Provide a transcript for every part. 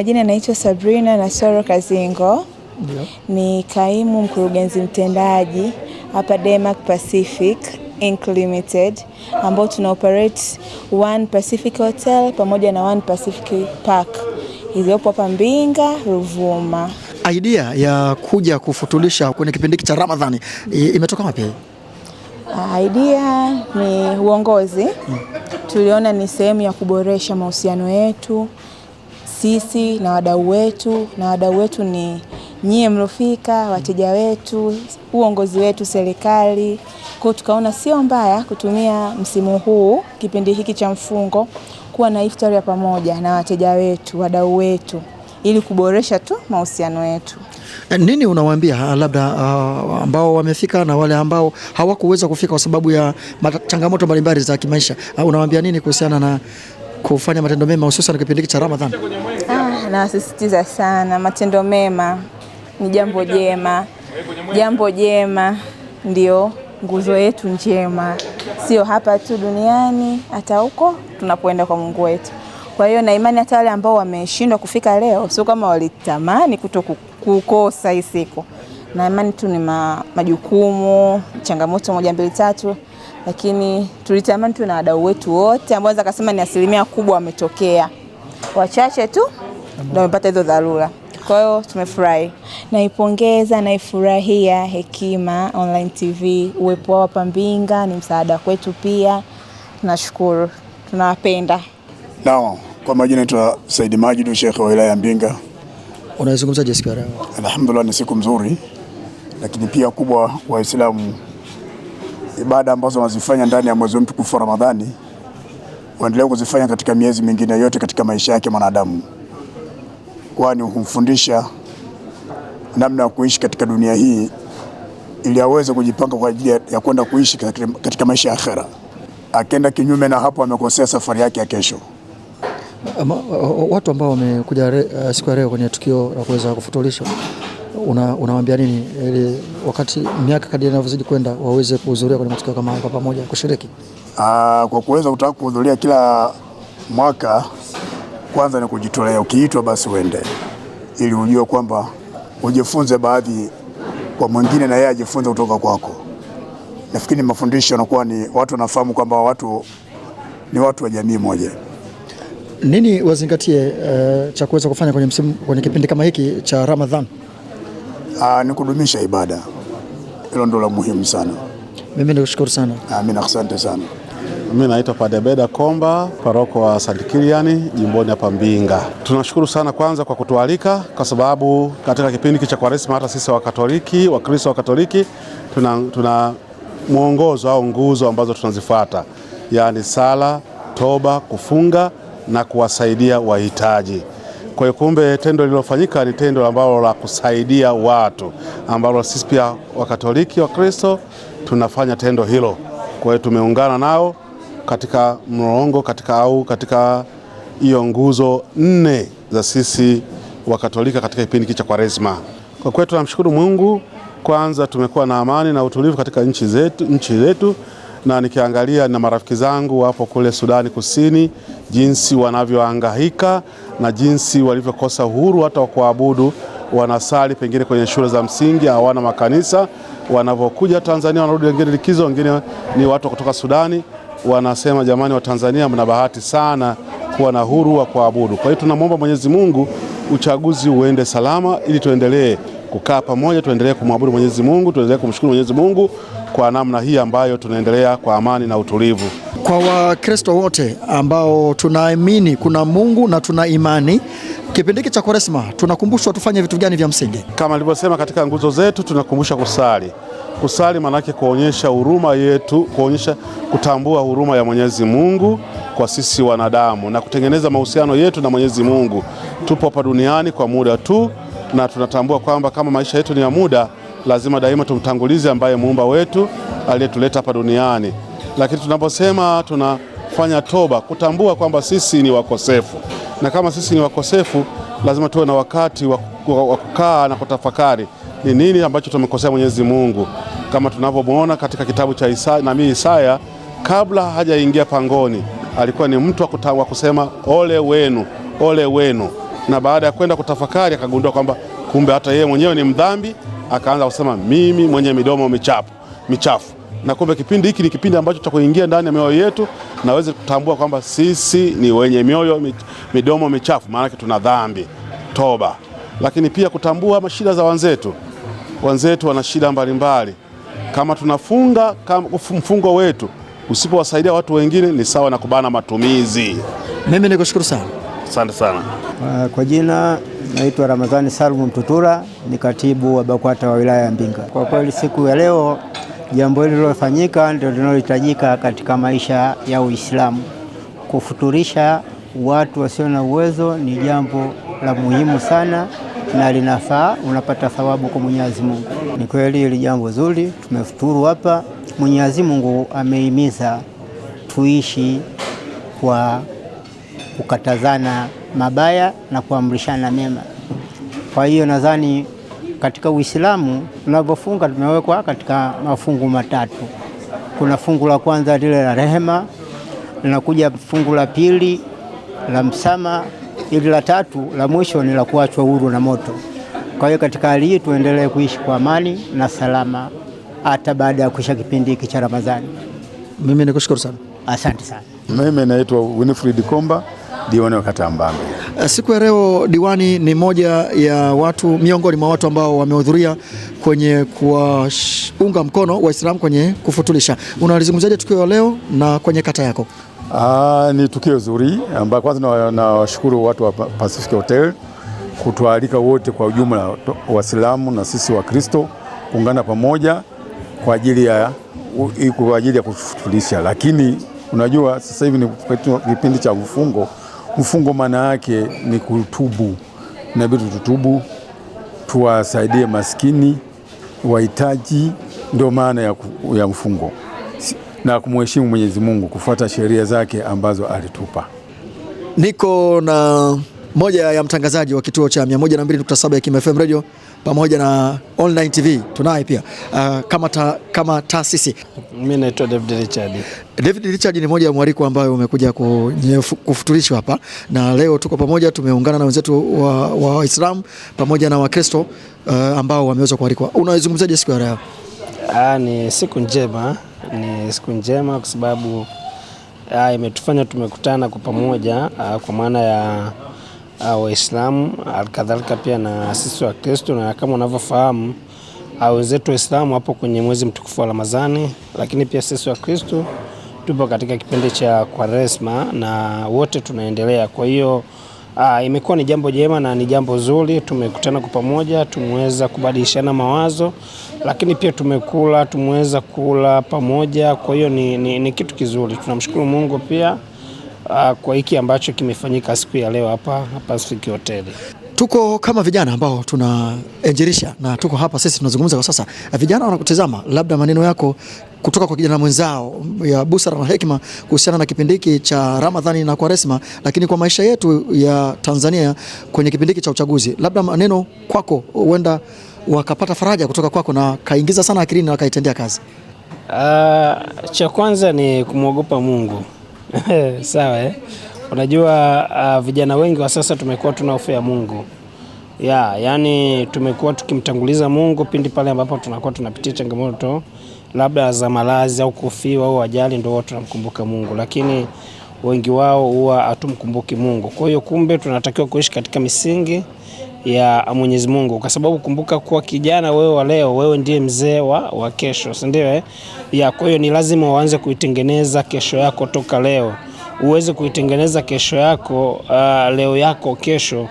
majina naitwa Sabrina Nasoro Kazingo. Ndiyo. Ni kaimu mkurugenzi mtendaji hapa Demac Pacific Inc Limited ambao tuna operate One Pacific Hotel pamoja na One Pacific Park iliyopo hapa Mbinga Ruvuma. Idea ya kuja kufutulisha kwenye kipindi cha Ramadhani imetoka wapi? Ah, idea ni uongozi. Hmm. Tuliona ni sehemu ya kuboresha mahusiano yetu sisi na wadau wetu, na wadau wetu ni nyie mliofika, wateja wetu, uongozi wetu, serikali. Kwa tukaona sio mbaya kutumia msimu huu, kipindi hiki cha mfungo, kuwa na iftari ya pamoja na wateja wetu, wadau wetu, ili kuboresha tu mahusiano yetu. Eh, nini unawaambia ah, labda uh, ambao wamefika na wale ambao hawakuweza kufika kwa sababu ya changamoto mbalimbali za kimaisha? Uh, unawaambia nini kuhusiana na kufanya matendo mema hususan kipindi cha Ramadhani? Ah, nawasisitiza sana matendo mema ni jambo jema, jambo jema ndio nguzo yetu njema, sio hapa tu duniani, hata huko tunapoenda kwa Mungu wetu. Kwa hiyo na imani hata wale ambao wameshindwa kufika leo, sio kama walitamani kuto kukosa hii siku, na imani tu ni ma, majukumu, changamoto moja mbili tatu lakini tulitamani tu na wadau wetu wote ambao naweza kusema ni asilimia kubwa wametokea, wachache tu ndio wamepata hizo dharura. Kwa hiyo tumefurahi, naipongeza, naifurahia Hekima Online TV. Uwepo wao hapa Mbinga ni msaada kwetu pia, tunashukuru, tunawapenda. Naam, kwa majina naitwa Said Majid, shekhe wa wilaya ya Mbinga. Unaizungumza Jessica leo? Alhamdulillah, ni siku nzuri, lakini pia kubwa Waislamu ibada ambazo wanazifanya ndani ya mwezi mtukufu wa Ramadhani waendelee kuzifanya katika miezi mingine yote katika maisha yake mwanadamu, kwani humfundisha namna ya kuishi katika dunia hii ili aweze kujipanga kwa ajili ya kwenda kuishi katika maisha ya akhera. Akenda kinyume na hapo, amekosea safari yake ya kesho. Ama, watu ambao wamekuja uh, siku ya leo kwenye tukio la kuweza kufutulisha unawambia unawaambia nini ili wakati miaka kadiri inavyozidi kwenda waweze kuhudhuria kwenye matukio kama haya kwa pamoja kushiriki? Aa, ah, kwa kuweza kutaka kuhudhuria kila mwaka, kwanza ni kujitolea. Ukiitwa basi uende, ili ujue kwamba ujifunze baadhi kwa mwingine, na yeye ajifunze kutoka kwako. Nafikiri mafundisho yanakuwa ni watu wanafahamu kwamba watu ni watu wa jamii moja. Nini wazingatie uh, cha kuweza kufanya kwenye msimu, kwenye kipindi kama hiki cha Ramadhan? Aa, ah, ni kudumisha ibada, hilo ndio la muhimu sana. Mimi nakushukuru sana. Mimi asante sana. Mimi naitwa Padre Beda Komba, paroko wa St. Kilian jimboni hapa Mbinga. Tunashukuru sana kwanza kwa kutualika, kwa sababu katika kipindi cha Kwaresma hata sisi Wakatoliki, Wakristo wa Katoliki tuna, tuna mwongozo au nguzo ambazo tunazifuata, yaani sala, toba, kufunga na kuwasaidia wahitaji. Kwa hiyo kumbe tendo lililofanyika ni tendo ambalo la kusaidia watu ambalo sisi pia Wakatoliki wa Kristo tunafanya tendo hilo. Kwa hiyo tumeungana nao katika mlongo katika au katika hiyo nguzo nne za sisi Wakatolika katika kipindi cha Kwaresma. Kwa kweli tunamshukuru Mungu kwanza, tumekuwa na amani na utulivu katika nchi zetu, nchi zetu na nikiangalia na marafiki zangu wapo kule Sudani Kusini jinsi wanavyohangaika na jinsi walivyokosa uhuru hata wa kuabudu. Wanasali pengine kwenye shule za msingi, hawana makanisa. Wanavyokuja Tanzania wanarudi wengine likizo, wengine ni watu kutoka Sudani. Wanasema jamani, Watanzania mna bahati sana kuwa na uhuru wa kuabudu. Kwa hiyo tunamwomba Mwenyezi Mungu uchaguzi uende salama, ili tuendelee kukaa pamoja, tuendelee kumwabudu Mwenyezi Mungu, tuendelee kumshukuru Mwenyezi Mungu kwa namna hii ambayo tunaendelea kwa amani na utulivu. Kwa Wakristo wote ambao tunaamini kuna Mungu na tuna imani, kipindi hiki cha Kwaresma tunakumbushwa tufanye vitu gani vya msingi? Kama nilivyosema katika nguzo zetu, tunakumbusha kusali. Kusali maanake kuonyesha huruma yetu, kuonyesha kutambua huruma ya Mwenyezi Mungu kwa sisi wanadamu na kutengeneza mahusiano yetu na Mwenyezi Mungu. Tupo hapa duniani kwa muda tu, na tunatambua kwamba kama maisha yetu ni ya muda lazima daima tumtangulize ambaye muumba wetu aliyetuleta hapa duniani. Lakini tunaposema tunafanya toba, kutambua kwamba sisi ni wakosefu, na kama sisi ni wakosefu, lazima tuwe na wakati wa kukaa na kutafakari ni nini ambacho tumekosea Mwenyezi Mungu, kama tunavyomwona katika kitabu cha Isaya, nabii Isaya kabla hajaingia pangoni alikuwa ni mtu wa kusema ole wenu, ole wenu, na baada ya kwenda kutafakari akagundua kwamba kumbe hata yeye mwenyewe ni mdhambi akaanza kusema mimi mwenye midomo michafu michafu, na kumbe kipindi hiki ni kipindi ambacho cha kuingia ndani ya mioyo yetu na waweze kutambua kwamba sisi ni wenye mioyo midomo michafu, maanake tuna dhambi, toba. Lakini pia kutambua mashida za wenzetu. Wenzetu wana shida mbalimbali, kama tunafunga kama mfungo wetu usipowasaidia watu wengine ni sawa na kubana matumizi. Mimi nikushukuru sana, asante sana. Ah, kwa jina naitwa Ramadhani Salumu mtutura ni katibu wa BAKWATA wa wilaya ya Mbinga. Kwa kweli siku ya leo jambo hili lilofanyika ndio linalohitajika katika maisha ya Uislamu. Kufuturisha watu wasio na uwezo ni jambo la muhimu sana na linafaa, unapata thawabu kwa Mwenyezi Mungu. Ni kweli hili jambo zuri, tumefuturu hapa. Mwenyezi Mungu amehimiza tuishi kwa kukatazana mabaya na kuamrishana mema. Kwa hiyo nadhani katika Uislamu tunavyofunga tumewekwa katika mafungu matatu. Kuna fungu la kwanza lile la rehema, linakuja fungu la pili la msama ili la tatu la mwisho ni la kuachwa huru na moto. Kwa hiyo katika hali hii tuendelee kuishi kwa amani na salama hata baada ya kuisha kipindi hiki cha Ramadhani. Mimi nikushukuru sana, asante sana. Mimi naitwa Winifred Komba diwani wa kata ya Mbambe. Eh, siku ya leo diwani ni moja ya watu miongoni mwa watu ambao wamehudhuria kwenye kuwaunga mkono Waislamu kwenye kufutulisha. Unalizungumzaje tukio leo na kwenye kata yako? Aa, ah, ni tukio zuri ambapo kwanza nawashukuru watu wa Pacific Hotel kutualika wote kwa ujumla, Waislamu na sisi Wakristo kuungana pamoja kwa ajili ya kwa ajili ya kufutulisha, lakini unajua sasa hivi ni kipindi cha mfungo Mfungo maana yake ni kutubu, inabidi tutubu, tuwasaidie maskini, wahitaji. Ndio maana ya, ya mfungo na kumheshimu Mwenyezi Mungu, kufuata sheria zake ambazo alitupa. Niko na moja ya mtangazaji wa kituo cha 102.7 ya Kim FM Radio pamoja na online TV tunaye pia uh, kama, ta, kama taasisi. Mimi naitwa David Richard. David Richard ni mmoja wa mwaliko ambayo umekuja kufuturishwa hapa, na leo tuko pamoja, tumeungana na wenzetu wa Waislamu pamoja na Wakristo uh, ambao wameweza kualikwa. Unaizungumzaje siku ya leo? Ah, ni siku njema, ni siku njema kwa sababu ah, imetufanya tumekutana kwa pamoja kwa maana ya Waislamu alikadhalika pia na sisi Kristo, na kama unavyofahamu wenzetu Waislamu hapo kwenye mwezi mtukufu wa Ramadhani, lakini pia sisi wa Kristo tupo katika kipindi cha Kwaresma na wote tunaendelea. Kwa hiyo imekuwa ni jambo jema na ni jambo zuri, tumekutana kwa pamoja, tumeweza kubadilishana mawazo, lakini pia tumekula, tumeweza kula pamoja. Kwa hiyo ni, ni, ni kitu kizuri, tunamshukuru Mungu pia uh, kwa hiki ambacho kimefanyika siku ya leo hapa Pacific Hotel. Tuko kama vijana ambao tunaenjerisha na tuko hapa sisi tunazungumza kwa sasa. Vijana wanakutazama, labda maneno yako kutoka kwa kijana mwenzao ya busara na hekima kuhusiana na kipindi hiki cha Ramadhani na Kwaresma, lakini kwa maisha yetu ya Tanzania kwenye kipindi hiki cha uchaguzi, labda maneno kwako, huenda wakapata faraja kutoka kwako na kaingiza sana akilini na kaitendea kazi. Uh, cha kwanza ni kumwogopa Mungu. Sawa eh? Unajua uh, vijana wengi wa sasa tumekuwa tuna hofu ya Mungu ya, yani tumekuwa tukimtanguliza Mungu pindi pale ambapo tunakuwa tunapitia changamoto labda za malazi au kufiwa au ajali, ndio huwa tunamkumbuka Mungu, lakini wengi wao huwa hatumkumbuki Mungu. Kwa hiyo kumbe tunatakiwa kuishi katika misingi ya Mwenyezi Mungu, kwa sababu kumbuka kuwa kijana wewe wa leo, wewe ndiye mzee wa, wa kesho, si ndio? Eh, ya kwa hiyo ni lazima uanze kuitengeneza kesho yako toka leo, uweze kuitengeneza kesho yako uh, leo yako kesho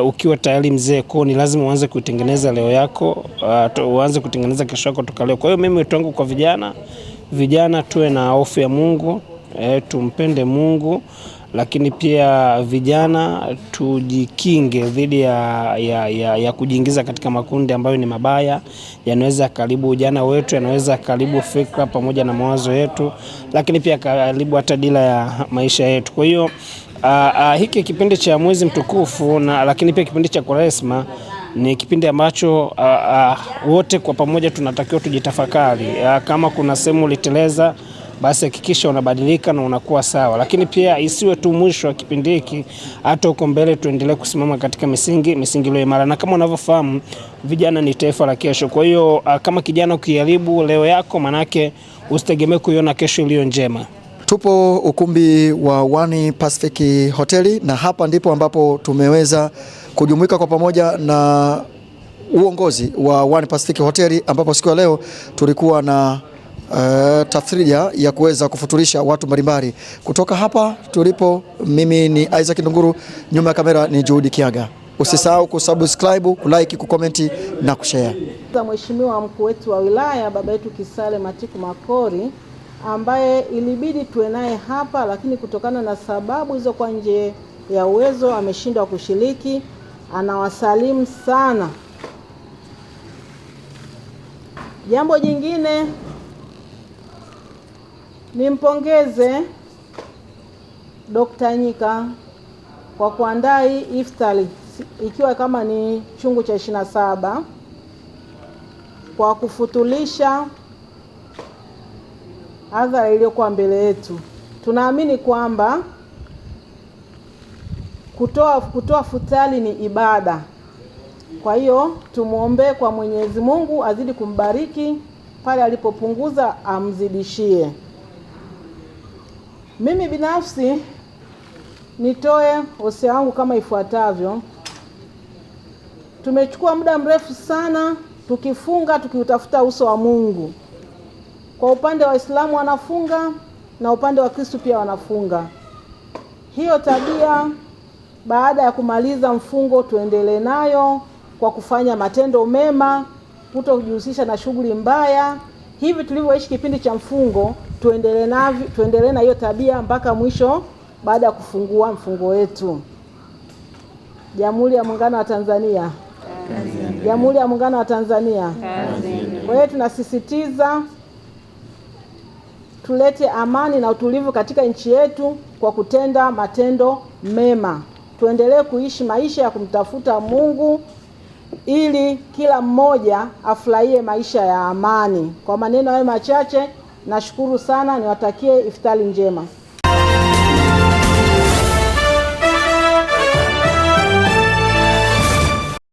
Uh, ukiwa tayari mzee kwao, ni lazima uanze kuitengeneza leo yako uh, uanze kutengeneza kesho yako toka leo. Kwa hiyo mimi wito wangu kwa vijana, vijana tuwe na hofu ya Mungu, uh, tumpende Mungu lakini pia vijana tujikinge dhidi ya, ya, ya, ya kujiingiza katika makundi ambayo ni mabaya, yanaweza karibu ujana wetu, yanaweza karibu fikra pamoja na mawazo yetu, lakini pia karibu hata dira ya maisha yetu. Kwa hiyo hiki kipindi cha mwezi mtukufu na lakini pia kipindi cha Kwaresma ni kipindi ambacho wote kwa pamoja tunatakiwa tujitafakari a, kama kuna sehemu uliteleza basi hakikisha unabadilika na unakuwa sawa, lakini pia isiwe tu mwisho wa kipindi hiki, hata huko mbele tuendelee kusimama katika misingi misingi ile imara, na kama unavyofahamu vijana ni taifa la kesho. Kwa hiyo ah, kama kijana ukiharibu leo yako, manake usitegemee kuiona kesho iliyo njema. Tupo ukumbi wa One Pacific hoteli na hapa ndipo ambapo tumeweza kujumuika kwa pamoja na uongozi wa One Pacific hoteli ambapo siku ya leo tulikuwa na Uh, tafrija ya kuweza kufuturisha watu mbalimbali kutoka hapa tulipo. Mimi ni Isaac Ndunguru, nyuma ya kamera ni Juhudi Kiaga. Usisahau kusubscribe, kulike, kukomenti na kushare. Mheshimiwa mkuu wetu wa wilaya baba yetu Kisale Matiku Makori ambaye ilibidi tuwe naye hapa, lakini kutokana na sababu hizo kwa nje ya uwezo ameshindwa kushiriki. Anawasalimu sana. Jambo jingine Nimpongeze dokta Nyika kwa kuandaa hii iftari ikiwa kama ni chungu cha ishirini na saba kwa kufutulisha adhara iliyokuwa mbele yetu. Tunaamini kwamba kutoa kutoa futari ni ibada. Kwa hiyo tumwombee kwa Mwenyezi Mungu azidi kumbariki, pale alipopunguza amzidishie. Mimi binafsi nitoe wosia wangu kama ifuatavyo. Tumechukua muda mrefu sana tukifunga tukiutafuta uso wa Mungu. Kwa upande wa Waislamu wanafunga na upande wa Kristo pia wanafunga. Hiyo tabia baada ya kumaliza mfungo tuendelee nayo kwa kufanya matendo mema, kutojihusisha na shughuli mbaya hivi tulivyoishi kipindi cha mfungo, tuendelee navyo, tuendelee na hiyo tabia mpaka mwisho baada ya kufungua mfungo wetu. Jamhuri ya Muungano wa Tanzania, Jamhuri ya Muungano wa Tanzania. Kwa hiyo tunasisitiza tulete amani na utulivu katika nchi yetu kwa kutenda matendo mema. Tuendelee kuishi maisha ya kumtafuta Mungu ili kila mmoja afurahie maisha ya amani. Kwa maneno hayo machache, nashukuru sana, niwatakie iftari njema.